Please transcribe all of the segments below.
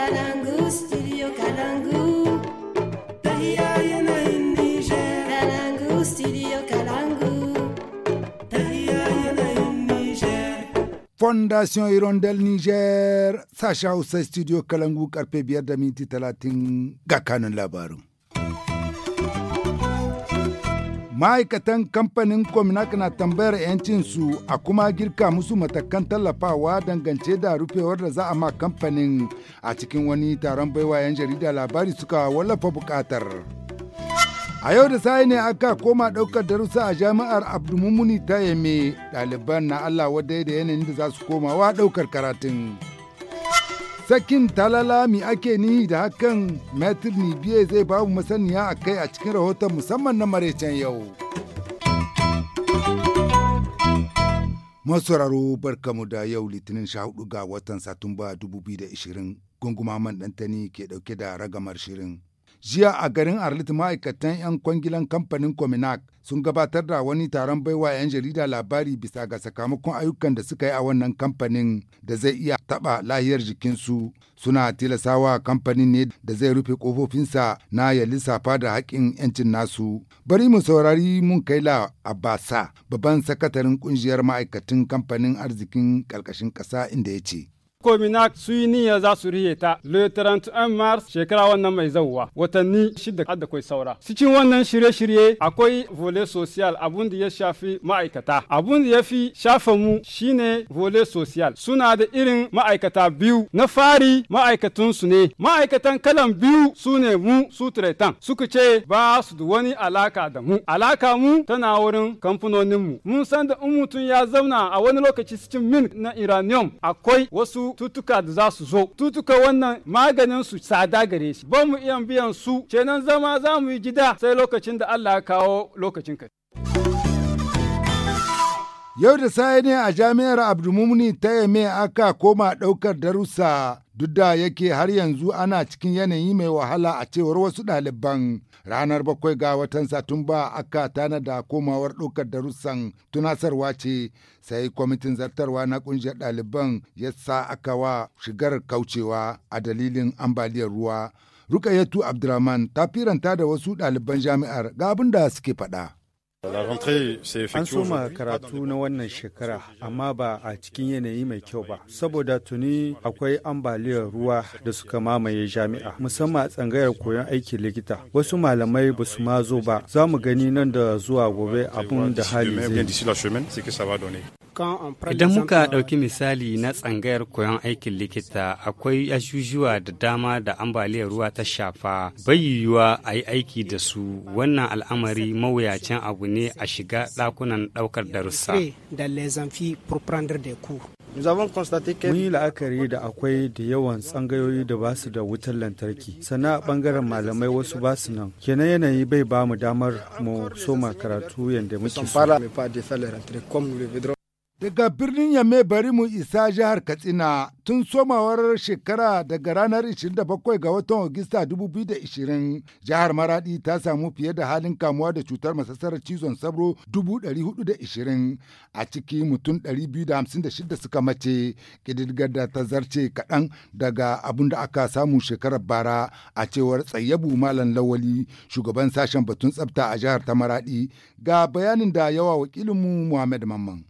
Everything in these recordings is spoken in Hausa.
Kalangu, studio Kalangu. Tahiya yanayin Nijar. Kalangu, studio Kalangu. yanayin Fondation Hirondel Niger, Sasha Hausa Studio Kalangu karfe biyar da minti talatin ga kanun labarin. ma'aikatan kamfanin Kominak na tambayar su a kuma girka musu matakan tallafawa dangance da rufewar da za a ma kamfanin a cikin wani taron baiwa 'yan jarida labari suka wallafa bukatar. A yau da sai ne aka koma ɗaukar darussa a jami'ar Abdulmumuni ta yame ɗaliban na Allah wadda da yanayin da za su komawa ɗaukar karatun. Sakin talala mi ake ni da hakan ni biye zai babu masaniya a kai a cikin rahoton musamman na maraicen yau. Masauraro barkamu da yau litinin sha hudu ga watan Satumba 2020 gunguma man ɗantani ke ɗauke da ragamar shirin. Jiya a garin Arlit ma'aikatan 'yan kwangilan kamfanin Cominac sun gabatar da wani taron baiwa 'yan jarida labari bisa ga sakamakon ayyukan da suka yi a wannan kamfanin da zai iya taɓa lahiyar jikinsu. Suna tilasawa kamfanin ne da zai rufe kofofinsa na ya lissafa da haƙƙin 'yancin nasu. Bari mu saurari mun kaila Abbasa, babban sakataren ƙungiyar ma'aikatan kamfanin arzikin ƙarƙashin ƙasa inda ya ce. kominak su yi niyya za su rihe ta le 31 mars shekara wannan mai zauwa watanni shida da kai saura cikin wannan shirye-shirye akwai vole social abun da ya shafi ma'aikata abun da ya fi shafa mu shine vole social suna da irin ma'aikata biyu na fari ma'aikatun su ne ma'aikatan kalan biyu su ne mu su tretan suka ce ba su da wani alaka da mu alaka mu tana wurin kamfanonin mu mun san da in mutum ya zauna a wani lokaci cikin min na iranium akwai wasu tutuka da za su zo tutuka wannan maganin su tsada gare shi ba mu iya biyan su kenan zama za mu yi gida sai lokacin da Allah ya kawo lokacin ka Yau da sai ne a jami'ar Abdulmumni ta Yame aka koma ɗaukar darussa duk da yake har yanzu ana cikin yanayi mai wahala a cewar wasu ɗaliban. ranar bakwai ga watan satumba aka tana da komawar ɗaukar darussan tunasarwa ce sai kwamitin zartarwa na ƙungiyar ɗaliban ya sa aka wa shigar kaucewa a dalilin ambaliyar ruwa rukayatu abdurrahman ta firanta da wasu ɗaliban jami'ar ga abin da suke faɗa. An soma karatu na wannan shekara amma ba a cikin yanayi mai kyau ba, saboda tuni akwai ambaliyar ruwa da suka mamaye jami'a, musamman a tsangayar koyon aikin likita. Wasu malamai ba su ma zo ba, za mu gani nan da zuwa gobe abun da hali zai. Idan muka ɗauki misali na tsangayar koyon aikin likita akwai ajujuwa da dama da ambaliyar ruwa ta shafa bai yiwuwa a yi aiki da su wannan al'amari mawuyacin abu ne a shiga ɗakunan ɗaukar darussa. Mun yi la'akari da akwai da yawan tsangayoyi da basu da wutar lantarki, sana a ɓangaren malamai wasu basu nan. Kenan yanayi bai ba mu damar mu soma karatu yadda muke so. Daga birnin Yamme bari mu isa jihar Katsina tun somawar shekara daga ranar 27 ga watan Agusta 2020 jihar Maradi ta samu fiye da halin kamuwa da cutar masasar cizon sabro 420 a ciki mutum 256 suka mace ƙididdigar da ta zarce kaɗan daga abin da aka samu shekarar bara a cewar tsayyabu malam lawali shugaban sashen batun tsafta a jihar ta Maradi ga bayanin da yawa wakilinmu Muhammad Mamman.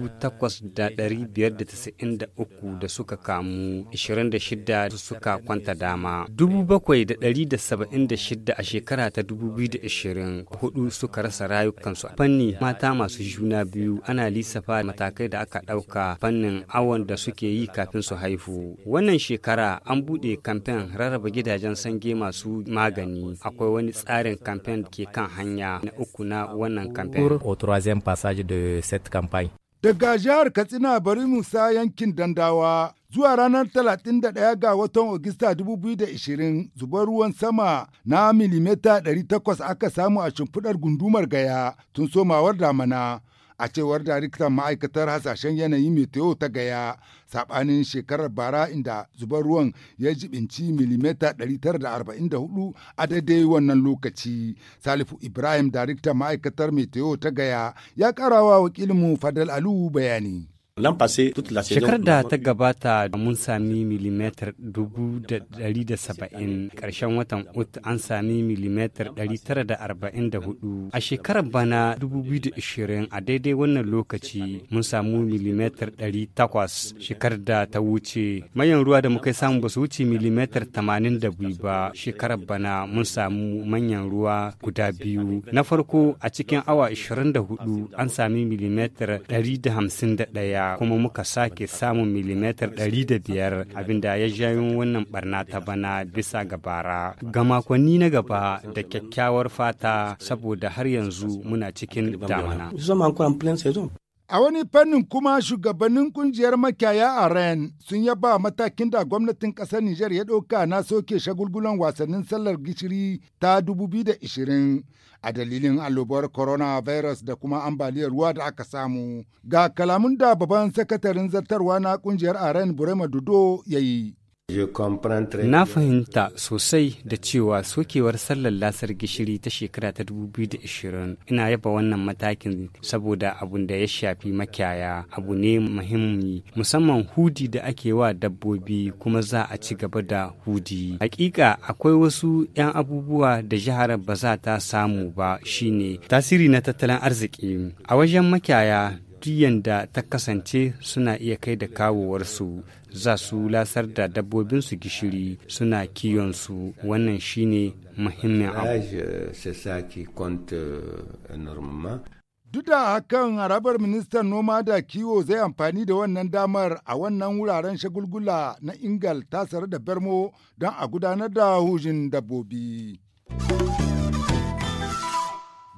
8,593 da suka kamu 26 suka kwanta dama 7,176 a shekara ta 2020 hudu suka rasa rayukansu a fanni mata masu juna biyu ana lissafa matakai da aka ɗauka fannin awon da suke yi kafin su haifu wannan shekara an buɗe kamfen rarraba gidajen sange masu magani akwai wani tsarin kamfen ke kan hanya na uku na wannan kamfen au troisième passage de cette campagne. Daga jihar Katsina bari Musa yankin Dandawa zuwa ranar 31 ga watan Ogista 2020 zubar ruwan sama na milimeta 800 aka samu a shimfiɗar gundumar gaya tun somawar damana. a cewar daraktan ma'aikatar hasashen yanayi meteo ta gaya sabanin shekarar bara inda zubar ruwan ya jibinci milimeta 944 a daidai wannan lokaci salifu ibrahim daraktan ma'aikatar meteo ta gaya ya karawa wakilinmu fadal alu bayani Shekarar da ta gabata mun sami milimetar dubu da dari da saba'in ƙarshen watan ut an sami milimetar dari tara da arba'in da hudu a shekarar bana dubu biyu da ishirin a daidai wannan lokaci mun samu milimetar dari takwas shekarar da ta wuce mayan ruwa da muka samu ba su wuce milimetar tamanin da biyu ba shekarar bana mun samu manyan ruwa guda biyu na farko a cikin awa ishirin da hudu an sami milimetar dari da hamsin da ɗaya baya kuma muka sake samun milimetar ɗari da biyar abinda ya jayon wannan barna ta bana bisa gabara bara ga makonni na gaba da kyakkyawar fata saboda har yanzu muna cikin damana. A wani fannin kuma shugabannin kungiyar makiyaya a Ren sun yaba matakin da gwamnatin ƙasar Nijar ya ɗauka na soke shagulgulan wasannin sallar gishiri ta 2020 a dalilin allobar coronavirus da kuma ambaliyar ruwa da aka samu. Ga kalamun da babban sakatarin zartarwa na kungiyar a Ren Burema Dudo ya yi. Na fahimta sosai da cewa sokewar sallar lasar gishiri ta shekara ta 2020 ina yaba wannan matakin saboda abun da ya shafi makiyaya abu ne muhimmi musamman hudi da ake wa dabbobi kuma za a ci gaba da hudi. Hakika akwai wasu 'yan abubuwa da jihar ba za ta samu ba shine tasiri na tattalin arziki a wajen makiyaya yadda ta kasance suna iya kai da kawowarsu za su lasar da dabbobinsu gishiri suna su wannan shine muhimmin abu euh, Duk da hakan harabar ministan noma da kiwo zai amfani da wannan damar a wannan wuraren shagulgula na Ingal tasar da Bermo don a gudanar da hujin dabbobi.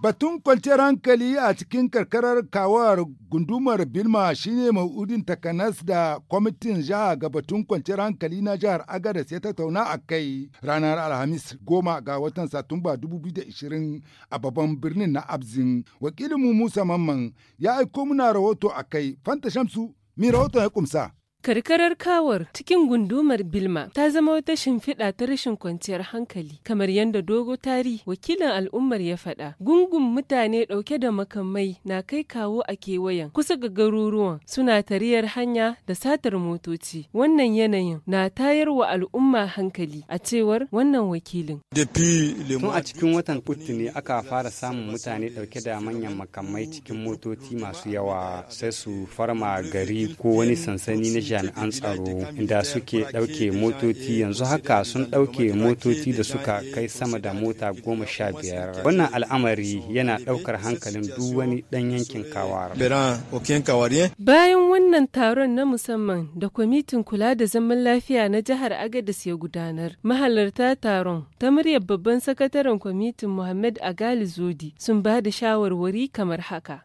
Batun kwanciyar hankali a cikin karkarar kawar gundumar Bilma shine ma'udin takanas da kwamitin jiha ga batun kwanciyar hankali na jihar Agadas ya tattauna a kai ranar Alhamis goma ga watan Satumba 2020 a babban birnin na Abzin. Wakilinmu Musa Mamman ya aiko muna rahoto a kai. Fanta Shamsu, mi rahoton ya kumsa. Karkarar kawar cikin gundumar Bilma ta zama wata shimfiɗa ta rashin kwanciyar hankali, kamar yadda dogo tari wakilin al'ummar ya faɗa. Gungun mutane ɗauke da makamai na kai kawo a kewayen kusa ga garuruwan suna tariyar hanya da satar motoci. Wannan yanayin na tayar wa al'umma hankali a cewar wannan wakilin. Tun a cikin watan Kutti ne aka fara samun mutane ɗauke da manyan makamai cikin motoci masu yawa sai su farma gari ko wani sansani na jami'an tsaro inda suke ɗauke motoci yanzu haka sun ɗauke motoci da suka kai sama da mota goma sha biyar wannan al'amari yana ɗaukar hankalin duk wani ɗan yankin kawar bayan wannan taron na musamman da kwamitin kula da zaman lafiya na jihar agadis ya gudanar mahalarta taron ta muryar babban sakataren kwamitin muhammad agali zodi sun ba da shawarwari kamar haka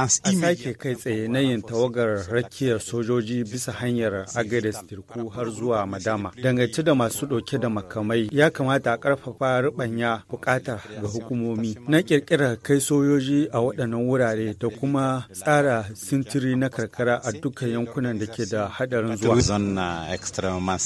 a sake kai tsaye na yin tawagar rakiyar sojoji bisa hanyar hanyar Agades Tirku har zuwa Madama. Dangance da masu ɗauke da makamai ya kamata a ƙarfafa rubanya buƙatar ga hukumomi na ƙirƙirar kai sojoji a waɗannan wurare da kuma tsara sintiri na karkara a dukkan yankunan da ke da haɗarin zuwa. Uh,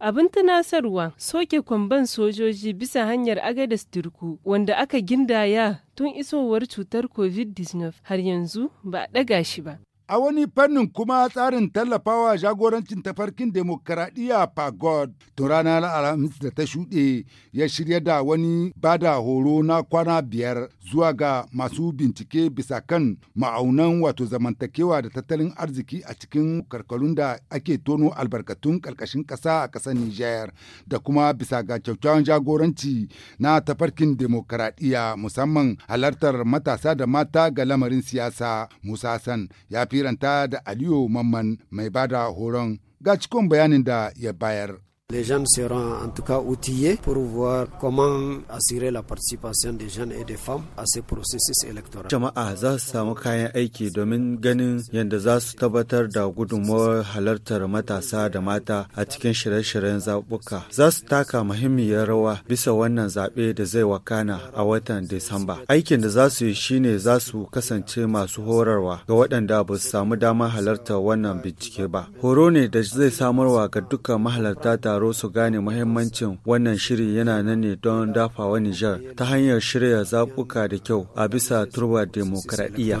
Abin tunasarwa soke kwamban sojoji bisa hanyar Agades Tirku wanda aka gindaya tun isowar cutar COVID-19 har yanzu ba a ɗaga shi ba. A wani fannin kuma tsarin tallafawa jagorancin tafarkin demokaradiyya Pagod tun ranar Alhamis da ta shuɗe ya shirya da wani bada horo na kwana biyar zuwa ga masu bincike bisa kan ma'aunan wato zamantakewa da tattalin arziki a cikin karkarun da ake tono albarkatun karkashin ƙasa a ƙasar Nijar da kuma bisa ga kyakkyawan jagoranci na tafarkin demokaradiyya musamman halartar matasa da mata ga lamarin siyasa Musa San ya fi firanta da Aliyu Mamman mai bada horon ga cikin bayanin da ya bayar. Les jeunes seront en tout cas outillés pour voir comment assurer la participation des jeunes et des femmes à ce processus électoral. Jama'a za su samu kayan aiki domin ganin yadda za su tabbatar da gudunmawar halartar matasa da mata a cikin shirye-shiryen zaɓuka. Za su taka muhimmiyar rawa bisa wannan zaɓe da zai wakana a watan Disamba. Aikin da za su yi shine za su kasance masu horarwa ga waɗanda ba su samu damar halartar wannan bincike ba. Horo ne da zai samarwa ga dukkan mahalarta taro su gane muhimmancin wannan shiri yana nan ne don dafawa Nijar ta hanyar shirya zaɓuka da kyau a bisa turba demokradiyya.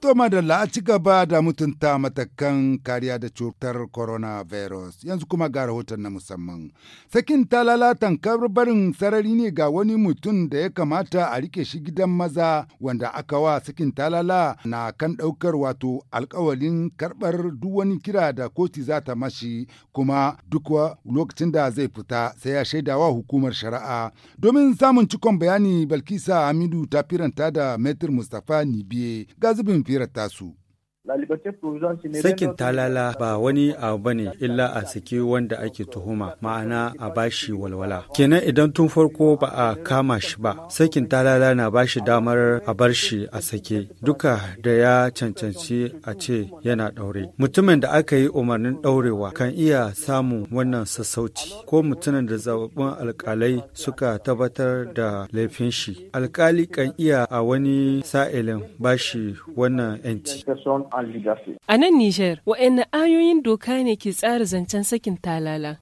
To madalla a ci gaba da mutunta matakan kariya da cutar coronavirus yanzu kuma ga rahoton na musamman. Sakin tankar barin sarari ne ga wani mutum da ya kamata a rike shi gidan maza wanda aka wa sakin talala na kan ɗaukar wato alkawalin karɓar duk wani kira da koti za ta mashi kuma duk lokacin da zai fita sai ya shaida wa hukumar shari'a. Domin samun cikon bayani Balkisa Hamidu ta firanta da Metir Mustapha Nibiye ga ta su. Sakin talala ba wani abu bane illa a saki wanda ake tuhuma ma'ana a bashi walwala. Kenan idan tun farko ba a kama shi ba, sakin talala na bashi damar a bar shi a sake duka da ya cancanci a ce yana ɗaure. Mutumin da aka yi umarnin ɗaurewa kan iya samun wannan sassauci ko mutumin da zababbun alkalai suka tabbatar da laifin shi. Alkali kan iya a wani sa'ilin bashi wannan 'yanci. A nan Nijar, waɗanne ayoyin doka ne ke tsara zancen sakin talala?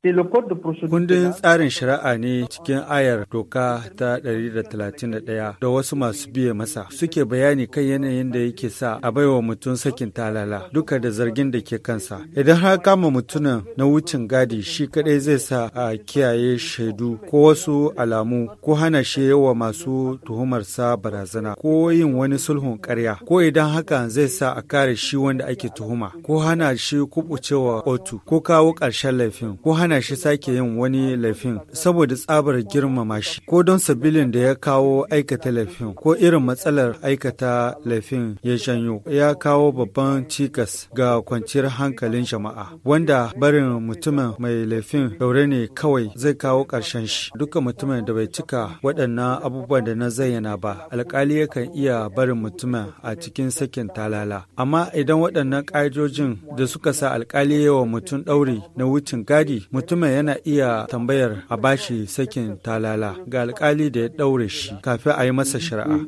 Kundin tsarin shari'a ne cikin ayar doka ta 131 da wasu masu biye masa suke bayani kan yanayin da yake sa a baiwa mutum sakin talala duka da zargin da ke kansa. Idan har kama mutumin na wucin gadi shi kadai zai sa a kiyaye shaidu ko wasu alamu ko hana shi yawa masu tuhumarsa barazana ko yin wani sulhun karya ko idan haka zai sa a kare shi wanda ake tuhuma ko hana shi kubucewa otu ko kawo ƙarshen laifin ko hana shi sake yin wani laifin saboda tsabar girmama shi ko don sabilin da ya kawo aikata laifin ko irin matsalar aikata laifin ya janyo ya kawo babban cikas ga kwanciyar hankalin jama'a wanda barin mutumin mai laifin daure ne kawai zai kawo ƙarshen shi duka mutumin da bai cika waɗannan abubuwan da na zayyana ba alƙali yakan iya barin mutumin a cikin sakin talala amma idan waɗannan ƙa'idojin da suka sa alkali yawa mutum ɗauri na wucin gadi, mutumin yana iya tambayar a bashi sakin talala ga alkali da ya ɗaure shi kafin a yi masa shari'a.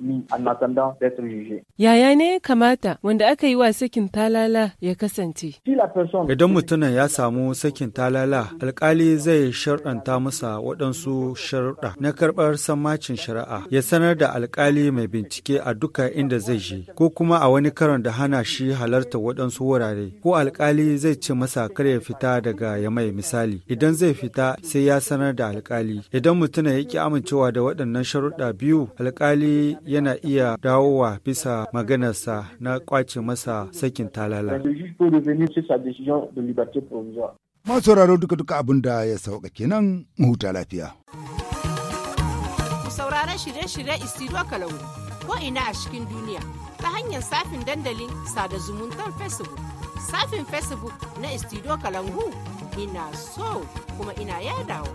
Yaya ne ya kamata wanda aka yi wa sakin talala ya kasance? Idan mutumin ya samu sakin talala, alkali zai sharɗanta masa waɗansu sharuɗa na karɓar sammacin shari'a, ya sanar da alkali mai bincike a duka inda zai je, ko kuma a wani karon da hana shi halarta waɗansu wurare ko alkali zai ce masa kar ya fita daga ya mai misali idan zai fita sai ya sanar da alkali idan mutum ya ki amincewa da waɗannan sharuɗa biyu alkali yana iya dawowa bisa maganarsa na kwace masa sakin talala. Masu sauraro duka-duka abin da ya sauka kenan huta lafiya. Sauraron shirye-shirye Istiro Kalangu ko ina a cikin duniya ta hanyar safin dandalin sada zumuntar Facebook. Safin Facebook na Istido Kalangu ina so kuma ina yadawa.